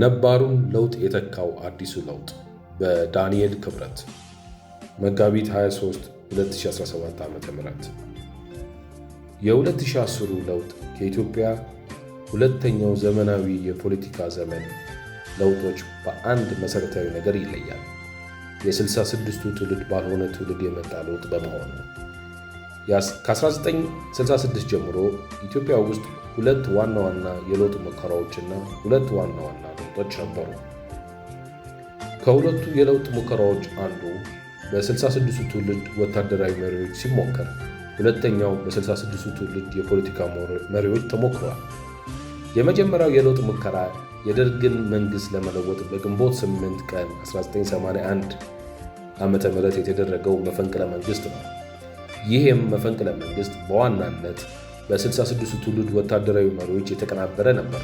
ነባሩን ለውጥ የተካው አዲሱ ለውጥ በዳንኤል ክብረት መጋቢት 23 2017 ዓ ም የ2010 ለውጥ ከኢትዮጵያ ሁለተኛው ዘመናዊ የፖለቲካ ዘመን ለውጦች በአንድ መሠረታዊ ነገር ይለያል። የ66ቱ ትውልድ ባልሆነ ትውልድ የመጣ ለውጥ በመሆኑ ከ1966 ጀምሮ ኢትዮጵያ ውስጥ ሁለት ዋና ዋና የለውጥ ሙከራዎችና ሁለት ዋና ዋና ለውጦች ነበሩ። ከሁለቱ የለውጥ ሙከራዎች አንዱ በ66ቱ ትውልድ ወታደራዊ መሪዎች ሲሞከር፣ ሁለተኛው በ66ቱ ትውልድ የፖለቲካ መሪዎች ተሞክሯል። የመጀመሪያው የለውጥ ሙከራ የደርግን መንግሥት ለመለወጥ በግንቦት 8 ቀን 1981 ም የተደረገው መፈንቅለ መንግሥት ነው። ይህም መፈንቅለ መንግሥት በዋናነት በ66ቱ ትውልድ ወታደራዊ መሪዎች የተቀናበረ ነበር።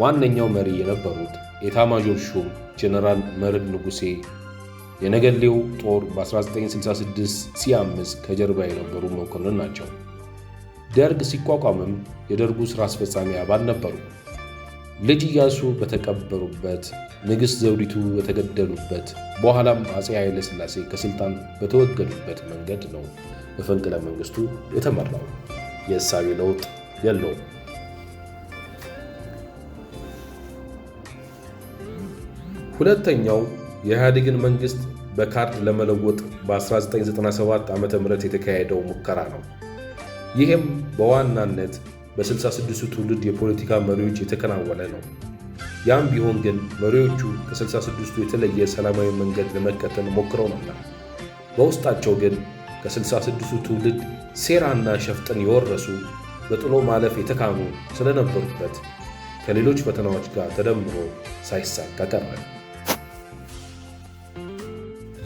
ዋነኛው መሪ የነበሩት ኤታማዦር ሹም ጀነራል መርዕድ ንጉሴ የነገሌው ጦር በ1966 ሲያምስ ከጀርባ የነበሩ መኮንን ናቸው። ደርግ ሲቋቋምም የደርጉ ሥራ አስፈጻሚ አባል ነበሩ። ልጅ እያሱ በተቀበሩበት፣ ንግሥት ዘውዲቱ በተገደሉበት፣ በኋላም አፄ ሥላሴ ከሥልጣን በተወገዱበት መንገድ ነው በፈንቅለ መንግሥቱ የተመራው። የእሳቤ ለውጥ የለውም። ሁለተኛው የኢህአዴግን መንግስት በካርድ ለመለወጥ በ1997 ዓ ም የተካሄደው ሙከራ ነው። ይህም በዋናነት በ66ቱ ትውልድ የፖለቲካ መሪዎች የተከናወነ ነው። ያም ቢሆን ግን መሪዎቹ ከ66ቱ የተለየ ሰላማዊ መንገድ ለመከተል ሞክረው ነበር። በውስጣቸው ግን ከ66ቱ ትውልድ ሴራና ሸፍጥን የወረሱ በጥሎ ማለፍ የተካኑ ስለነበሩበት ከሌሎች ፈተናዎች ጋር ተደምሮ ሳይሳካ ቀረ።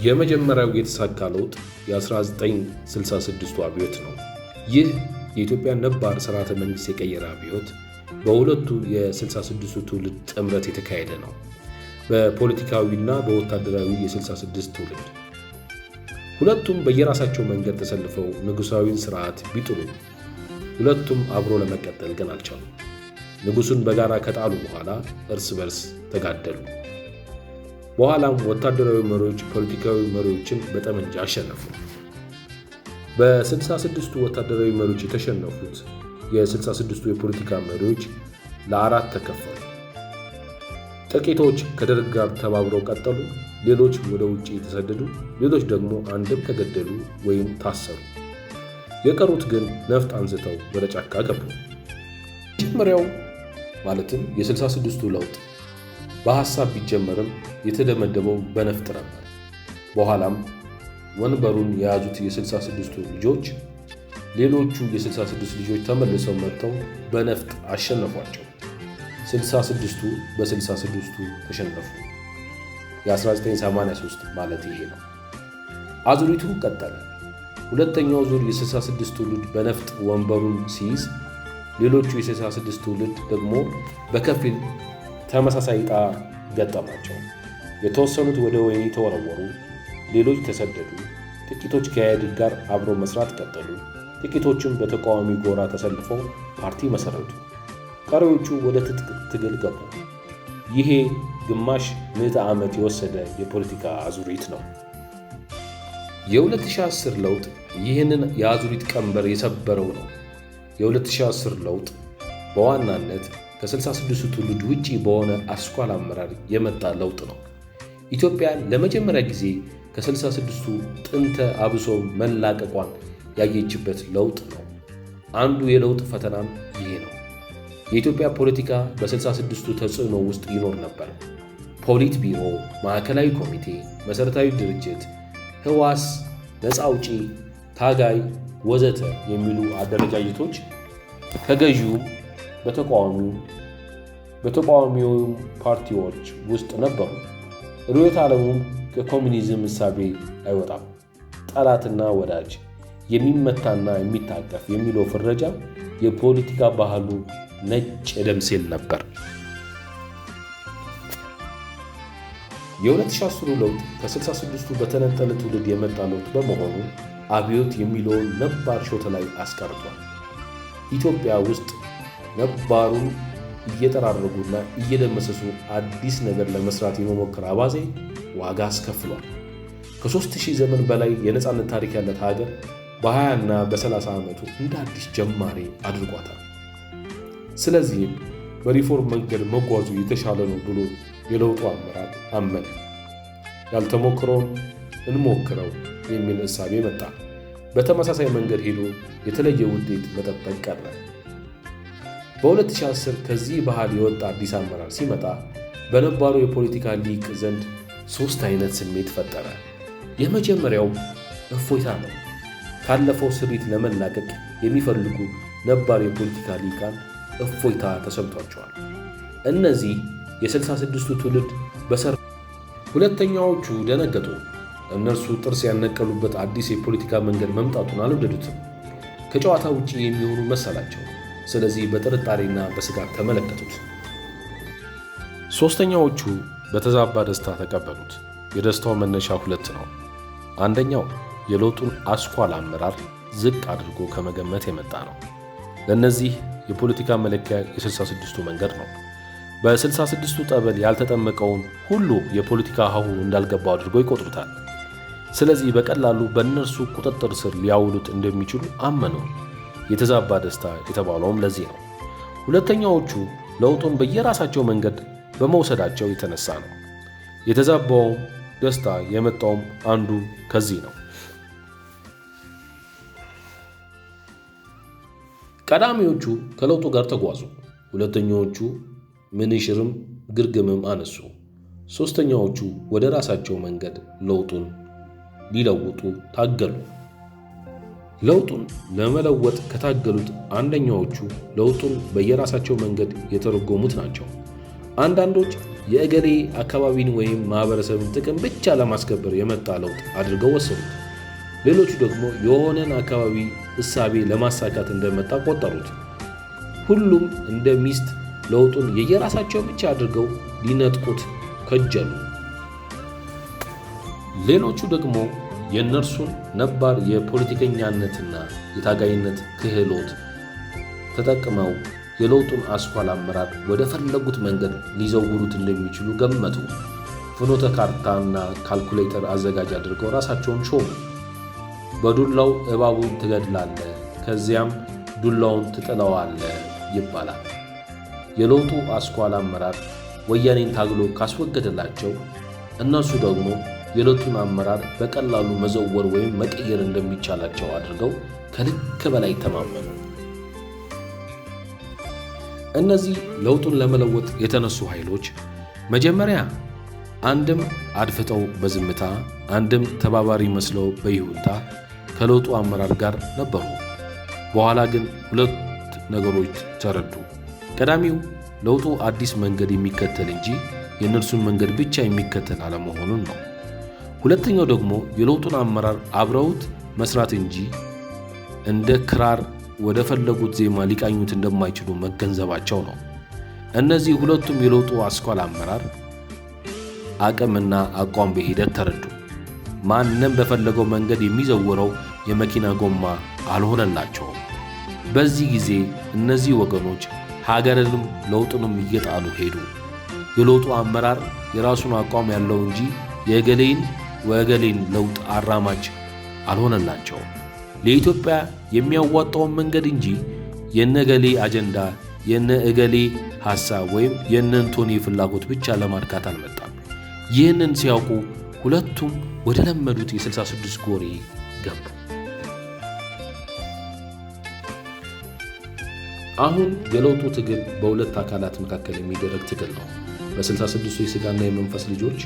የመጀመሪያው የተሳካ ለውጥ የ1966ቱ አብዮት ነው። ይህ የኢትዮጵያ ነባር ስርዓተ መንግሥት የቀየረ አብዮት በሁለቱ የ66ቱ ትውልድ ጥምረት የተካሄደ ነው። በፖለቲካዊና በወታደራዊ የ66 ትውልድ ሁለቱም በየራሳቸው መንገድ ተሰልፈው ንጉሳዊን ሥርዓት ቢጥሉ ሁለቱም አብሮ ለመቀጠል ግን አልቻሉ። ንጉሡን በጋራ ከጣሉ በኋላ እርስ በርስ ተጋደሉ። በኋላም ወታደራዊ መሪዎች ፖለቲካዊ መሪዎችን በጠመንጃ አሸነፉ። በ66ቱ ወታደራዊ መሪዎች የተሸነፉት የ66ቱ የፖለቲካ መሪዎች ለአራት ተከፈሉ። ጥቂቶች ከደርግ ጋር ተባብረው ቀጠሉ፣ ሌሎች ወደ ውጭ የተሰደዱ፣ ሌሎች ደግሞ አንድም ተገደሉ ወይም ታሰሩ። የቀሩት ግን ነፍጥ አንዝተው ወደ ጫካ ገቡ። መጀመሪያው ማለትም የ66ቱ ለውጥ በሐሳብ ቢጀመርም የተደመደመው በነፍጥ ነበር። በኋላም ወንበሩን የያዙት የ66ቱ ልጆች ሌሎቹ የ66 ልጆች ተመልሰው መጥተው በነፍጥ አሸነፏቸው። 66ቱ በ66ቱ ተሸነፉ። የ1983 ማለት ይሄ ነው። አዙሪቱ ቀጠለ። ሁለተኛው ዙር የ66 ትውልድ በነፍጥ ወንበሩን ሲይዝ፣ ሌሎቹ የ66 ትውልድ ደግሞ በከፊል ተመሳሳይ ዕጣ ገጠማቸው። የተወሰኑት ወደ ወህኒ ተወረወሩ፣ ሌሎች ተሰደዱ። ጥቂቶች ከኢህአዴግ ጋር አብረው መስራት ቀጠሉ። ጥቂቶችም በተቃዋሚ ጎራ ተሰልፈው ፓርቲ መሰረቱ። ቀሪዎቹ ወደ ትጥቅ ትግል ገቡ። ይሄ ግማሽ ምዕተ ዓመት የወሰደ የፖለቲካ አዙሪት ነው። የ2010 ለውጥ ይህንን የአዙሪት ቀንበር የሰበረው ነው። የ2010 ለውጥ በዋናነት ከ 66 ትውልድ ውጪ በሆነ አስኳል አመራር የመጣ ለውጥ ነው። ኢትዮጵያ ለመጀመሪያ ጊዜ ከ66ቱ ጥንተ አብሶ መላቀቋን ያየችበት ለውጥ ነው። አንዱ የለውጥ ፈተናም ይሄ ነው። የኢትዮጵያ ፖለቲካ በ66ቱ ተጽዕኖ ውስጥ ይኖር ነበር። ፖሊት ቢሮ፣ ማዕከላዊ ኮሚቴ፣ መሠረታዊ ድርጅት፣ ህዋስ ነፃ አውጪ፣ ታጋይ ወዘተ የሚሉ አደረጃጀቶች ከገዢው በተቃዋሚው በተቃዋሚውም ፓርቲዎች ውስጥ ነበሩ። ርዕዮተ ዓለሙም ከኮሚኒዝም እሳቤ አይወጣም። ጠላትና ወዳጅ፣ የሚመታና የሚታቀፍ የሚለው ፍረጃ የፖለቲካ ባህሉ ነጭ የደም ሴል ነበር። የ2010 ለውጥ ከ66ቱ በተነጠለ ትውልድ የመጣ ለውጥ በመሆኑ አብዮት የሚለውን ነባር ሾተ ላይ አስቀርቷል። ኢትዮጵያ ውስጥ ነባሩን እየጠራረጉና እየደመሰሱ አዲስ ነገር ለመስራት የመሞከር አባዜ ዋጋ አስከፍሏል። ከ ሺህ ዘመን በላይ የነፃነት ታሪክ ያለት ሀገር በ20ና በ30 ዓመቱ እንደ አዲስ ጀማሪ አድርጓታል። ስለዚህም በሪፎርም መንገድ መጓዙ የተሻለ ነው ብሎ የለውጡ አመራር አመነ። ያልተሞክረውን እንሞክረው የሚል እሳቤ መጣ። በተመሳሳይ መንገድ ሄዶ የተለየ ውጤት መጠበቅ ቀረ። በ2010 ከዚህ ባህል የወጣ አዲስ አመራር ሲመጣ በነባሩ የፖለቲካ ሊቅ ዘንድ ሦስት አይነት ስሜት ፈጠረ። የመጀመሪያው እፎይታ ነው። ካለፈው ስሪት ለመላቀቅ የሚፈልጉ ነባር የፖለቲካ ሊቃን እፎይታ ተሰምቷቸዋል። እነዚህ የ66ቱ ትውልድ በሰር ሁለተኛዎቹ ደነገጡ። እነርሱ ጥርስ ያነቀሉበት አዲስ የፖለቲካ መንገድ መምጣቱን አልወደዱትም። ከጨዋታ ውጪ የሚሆኑ መሰላቸው። ስለዚህ በጥርጣሬና በስጋት ተመለከቱት። ሦስተኛዎቹ በተዛባ ደስታ ተቀበሉት። የደስታው መነሻ ሁለት ነው። አንደኛው የለውጡን አስኳል አመራር ዝቅ አድርጎ ከመገመት የመጣ ነው። ለእነዚህ የፖለቲካ መለኪያ የ66ቱ መንገድ ነው። በ66ቱ ጠበል ያልተጠመቀውን ሁሉ የፖለቲካ ሀሁ እንዳልገባው አድርጎ ይቆጥሩታል። ስለዚህ በቀላሉ በእነርሱ ቁጥጥር ስር ሊያውሉት እንደሚችሉ አመኑ። የተዛባ ደስታ የተባለውም ለዚህ ነው። ሁለተኛዎቹ ለውጡን በየራሳቸው መንገድ በመውሰዳቸው የተነሳ ነው። የተዛባውም ደስታ የመጣውም አንዱ ከዚህ ነው። ቀዳሚዎቹ ከለውጡ ጋር ተጓዙ። ሁለተኛዎቹ ምንሽርም ግርግምም አነሱ። ሦስተኛዎቹ ወደ ራሳቸው መንገድ ለውጡን ሊለውጡ ታገሉ። ለውጡን ለመለወጥ ከታገሉት አንደኛዎቹ ለውጡን በየራሳቸው መንገድ የተረጎሙት ናቸው። አንዳንዶች የእገሌ አካባቢን ወይም ማህበረሰብን ጥቅም ብቻ ለማስከበር የመጣ ለውጥ አድርገው ወሰዱት። ሌሎቹ ደግሞ የሆነን አካባቢ እሳቤ ለማሳካት እንደመጣ ቆጠሩት። ሁሉም እንደ ሚስት ለውጡን የየራሳቸው ብቻ አድርገው ሊነጥቁት ከጀሉ። ሌሎቹ ደግሞ የእነርሱን ነባር የፖለቲከኛነትና የታጋይነት ክህሎት ተጠቅመው የለውጡን አስኳል አመራር ወደ ፈለጉት መንገድ ሊዘውሩት እንደሚችሉ ገመቱ። ፍኖተ ካርታና ካልኩሌተር አዘጋጅ አድርገው ራሳቸውን ሾሙ። በዱላው እባቡን ትገድላለህ፣ ከዚያም ዱላውን ትጥለዋለህ ይባላል። የለውጡ አስኳል አመራር ወያኔን ታግሎ ካስወገደላቸው እነሱ ደግሞ የለውጡን አመራር በቀላሉ መዘወር ወይም መቀየር እንደሚቻላቸው አድርገው ከልክ በላይ ተማመኑ። እነዚህ ለውጡን ለመለወጥ የተነሱ ኃይሎች መጀመሪያ አንድም አድፍጠው በዝምታ አንድም ተባባሪ መስለው በይሁንታ ከለውጡ አመራር ጋር ነበሩ። በኋላ ግን ሁለት ነገሮች ተረዱ። ቀዳሚው ለውጡ አዲስ መንገድ የሚከተል እንጂ የእነርሱን መንገድ ብቻ የሚከተል አለመሆኑን ነው። ሁለተኛው ደግሞ የለውጡን አመራር አብረውት መስራት እንጂ እንደ ክራር ወደ ፈለጉት ዜማ ሊቃኙት እንደማይችሉ መገንዘባቸው ነው። እነዚህ ሁለቱም የለውጡ አስኳል አመራር አቅምና አቋም በሂደት ተረዱ። ማንም በፈለገው መንገድ የሚዘውረው የመኪና ጎማ አልሆነላቸውም። በዚህ ጊዜ እነዚህ ወገኖች ሀገርንም ለውጥንም እየጣሉ ሄዱ። የለውጡ አመራር የራሱን አቋም ያለው እንጂ የእገሌን ወገሌን ለውጥ አራማጅ አልሆነላቸውም። ለኢትዮጵያ የሚያዋጣውን መንገድ እንጂ የነ ገሌ አጀንዳ የነ እገሌ ሐሳብ ወይም የነ እንቶኒ ፍላጎት ብቻ ለማርካት አልመጣም። ይህንን ሲያውቁ ሁለቱም ወደ ለመዱት የ66 ጎሬ ገቡ። አሁን የለውጡ ትግል በሁለት አካላት መካከል የሚደረግ ትግል ነው። 66 የሥጋና የመንፈስ ልጆች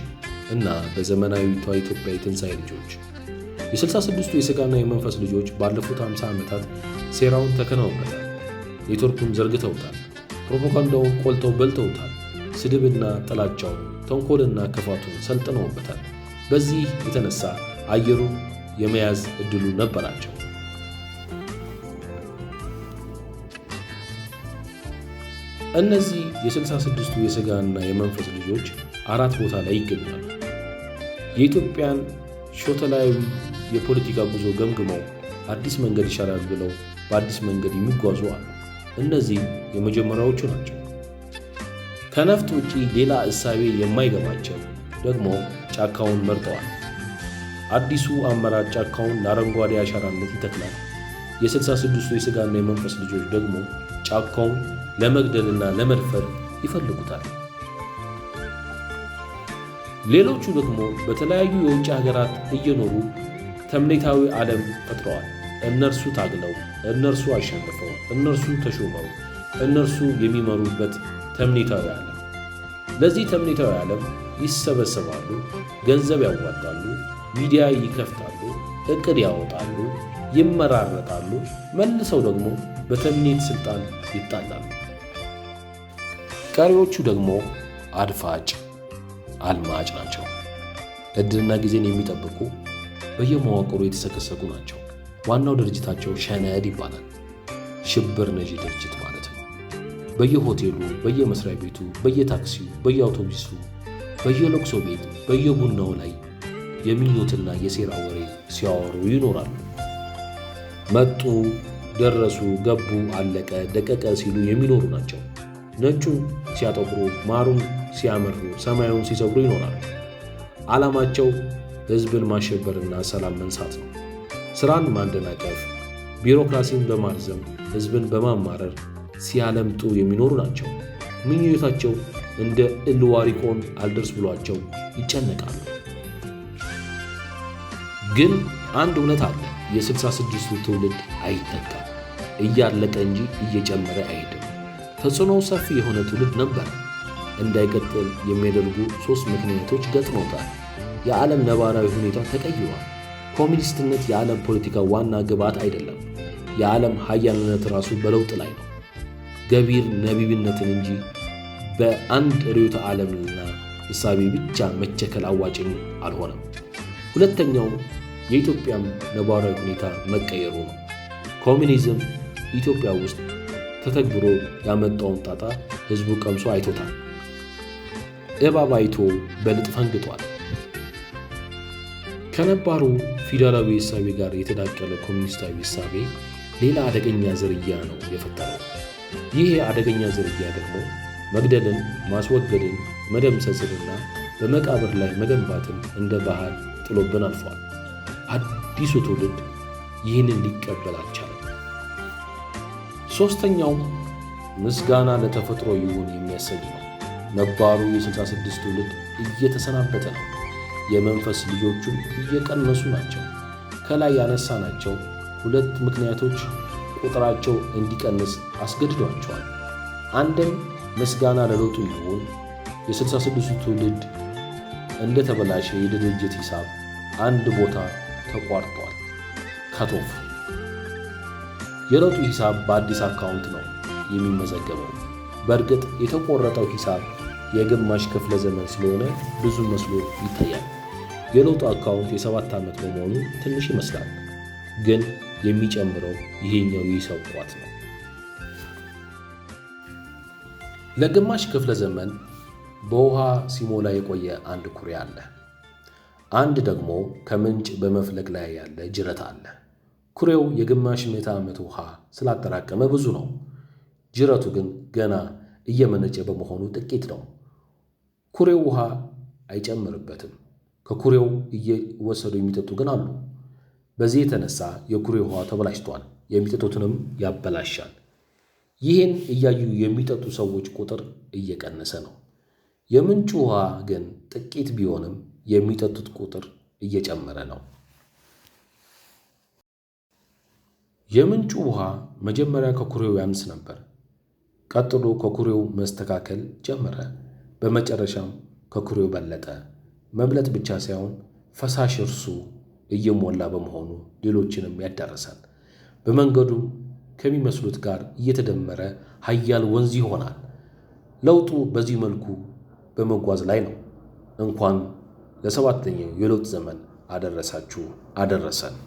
እና በዘመናዊቷ ኢትዮጵያ የትንሣኤ ልጆች። የ66ቱ የሥጋና የመንፈስ ልጆች ባለፉት 50 ዓመታት ሴራውን ተከናውበታል። ኔትወርኩን ዘርግተውታል። ፕሮፓጋንዳውን ቆልተው በልተውታል። ስድብና ጥላቻውን፣ ተንኮልና ክፋቱን ሰልጥነውበታል። በዚህ የተነሳ አየሩ የመያዝ እድሉ ነበራቸው። እነዚህ የ 66 የሥጋና የመንፈስ ልጆች አራት ቦታ ላይ ይገኛሉ። የኢትዮጵያን ሾተላዊ የፖለቲካ ጉዞ ገምግመው አዲስ መንገድ ይሻላል ብለው በአዲስ መንገድ የሚጓዙ አሉ። እነዚህ የመጀመሪያዎቹ ናቸው። ከነፍት ውጪ ሌላ እሳቤ የማይገባቸው ደግሞ ጫካውን መርጠዋል። አዲሱ አመራር ጫካውን ለአረንጓዴ አሻራነት ይተክላል። የ66ቱ የሥጋና የመንፈስ ልጆች ደግሞ ጫካውን ለመግደልና ለመድፈር ይፈልጉታል። ሌሎቹ ደግሞ በተለያዩ የውጭ ሀገራት እየኖሩ ተምኔታዊ ዓለም ፈጥረዋል። እነርሱ ታግለው፣ እነርሱ አሸንፈው፣ እነርሱ ተሾመው፣ እነርሱ የሚመሩበት ተምኔታዊ ዓለም ለዚህ ተምኔታዊ ዓለም ይሰበሰባሉ፣ ገንዘብ ያዋጣሉ፣ ሚዲያ ይከፍታሉ፣ እቅድ ያወጣሉ፣ ይመራረጣሉ፣ መልሰው ደግሞ በተምኔት ስልጣን ይጣላሉ። ቀሪዎቹ ደግሞ አድፋጭ አልማጭ ናቸው። እድልና ጊዜን የሚጠብቁ በየመዋቅሩ የተሰከሰጉ ናቸው። ዋናው ድርጅታቸው ሸነድ ይባላል። ሽብር ነዢ ድርጅት ማለት ነው። በየሆቴሉ፣ በየመስሪያ ቤቱ፣ በየታክሲው፣ በየአውቶቡሱ በየለቅሶ ቤት በየቡናው ላይ የምኞትና የሴራ ወሬ ሲያወሩ ይኖራሉ። መጡ፣ ደረሱ፣ ገቡ፣ አለቀ፣ ደቀቀ ሲሉ የሚኖሩ ናቸው። ነጩን ሲያጠቁሩ፣ ማሩን ሲያመሩ፣ ሰማዩን ሲሰብሩ ይኖራሉ። ዓላማቸው ሕዝብን ማሸበርና ሰላም መንሳት ነው። ሥራን ማደናቀፍ፣ ቢሮክራሲን በማርዘም ሕዝብን በማማረር ሲያለምጡ የሚኖሩ ናቸው። ምኞታቸው እንደ እልዋሪቆን አልደርስ ብሏቸው ይጨነቃሉ። ግን አንድ እውነት አለ። የ66ቱ ትውልድ አይተካም። እያለቀ እንጂ እየጨመረ አይሄድም። ተጽዕኖው ሰፊ የሆነ ትውልድ ነበር። እንዳይቀጥል የሚያደርጉ ሦስት ምክንያቶች ገጥመውታል። የዓለም ነባራዊ ሁኔታ ተቀይሯል። ኮሚኒስትነት የዓለም ፖለቲካ ዋና ግብዓት አይደለም። የዓለም ሀያልነት ራሱ በለውጥ ላይ ነው። ገቢር ነቢብነትን እንጂ በአንድ ርዕዮተ ዓለምና እሳቤ ብቻ መቸከል አዋጭም አልሆነም። ሁለተኛው የኢትዮጵያም ነባራዊ ሁኔታ መቀየሩ ነው። ኮሚኒዝም ኢትዮጵያ ውስጥ ተተግብሮ ያመጣውን ጣጣ ህዝቡ ቀምሶ አይቶታል። እባብ አይቶ በልጥ ፈንግጧል። ከነባሩ ፊውዳላዊ እሳቤ ጋር የተዳቀለ ኮሚኒስታዊ እሳቤ ሌላ አደገኛ ዝርያ ነው የፈጠረው። ይህ አደገኛ ዝርያ ደግሞ መግደልን፣ ማስወገድን፣ መደምሰስንና በመቃብር ላይ መገንባትን እንደ ባህል ጥሎብን አልፏል። አዲሱ ትውልድ ይህንን ሊቀበል አልቻለም። ሦስተኛው ምስጋና ለተፈጥሮ ይሁን የሚያሰኝ ነው። ነባሩ የ66 ትውልድ እየተሰናበተ ነው። የመንፈስ ልጆቹም እየቀነሱ ናቸው። ከላይ ያነሳናቸው ሁለት ምክንያቶች ቁጥራቸው እንዲቀንስ አስገድዷቸዋል። አንድም ምስጋና ለለውጡ ይሁን። የ66ቱ ትውልድ እንደ ተበላሸ የድርጅት ሂሳብ አንድ ቦታ ተቋርጧል። ከቶፍ የለውጡ ሂሳብ በአዲስ አካውንት ነው የሚመዘገበው። በእርግጥ የተቆረጠው ሂሳብ የግማሽ ክፍለ ዘመን ስለሆነ ብዙ መስሎ ይታያል። የለውጡ አካውንት የሰባት ዓመት በመሆኑ ትንሽ ይመስላል፣ ግን የሚጨምረው ይሄኛው የሂሳብ ቋት ነው። ለግማሽ ክፍለ ዘመን በውሃ ሲሞላ የቆየ አንድ ኩሬ አለ። አንድ ደግሞ ከምንጭ በመፍለቅ ላይ ያለ ጅረት አለ። ኩሬው የግማሽ ምዕተ ዓመት ውሃ ስላጠራቀመ ብዙ ነው። ጅረቱ ግን ገና እየመነጨ በመሆኑ ጥቂት ነው። ኩሬው ውሃ አይጨምርበትም። ከኩሬው እየወሰዱ የሚጠጡ ግን አሉ። በዚህ የተነሳ የኩሬ ውሃ ተበላሽቷል፣ የሚጠጡትንም ያበላሻል። ይህን እያዩ የሚጠጡ ሰዎች ቁጥር እየቀነሰ ነው። የምንጩ ውሃ ግን ጥቂት ቢሆንም የሚጠጡት ቁጥር እየጨመረ ነው። የምንጩ ውሃ መጀመሪያ ከኩሬው ያንስ ነበር። ቀጥሎ ከኩሬው መስተካከል ጀመረ። በመጨረሻም ከኩሬው በለጠ። መብለጥ ብቻ ሳይሆን ፈሳሽ እርሱ እየሞላ በመሆኑ ሌሎችንም ያዳርሳል። በመንገዱም ከሚመስሉት ጋር እየተደመረ ኃያል ወንዝ ይሆናል። ለውጡ በዚህ መልኩ በመጓዝ ላይ ነው። እንኳን ለሰባተኛው የለውጥ ዘመን አደረሳችሁ አደረሰን።